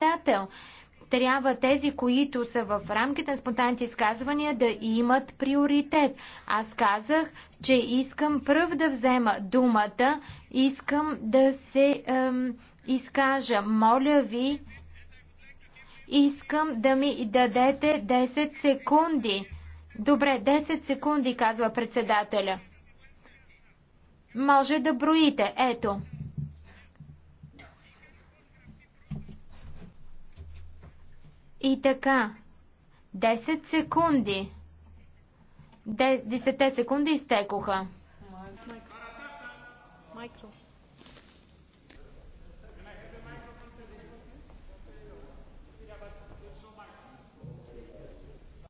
председател. Трябва тези, които са в рамките на спонтанните изказвания, да имат приоритет. Аз казах, че искам пръв да взема думата, искам да се ем, изкажа. Моля ви, искам да ми дадете 10 секунди. Добре, 10 секунди, казва председателя. Може да броите. Ето. И така. 10 секунди. Десетте секунди изтекоха. Майкро.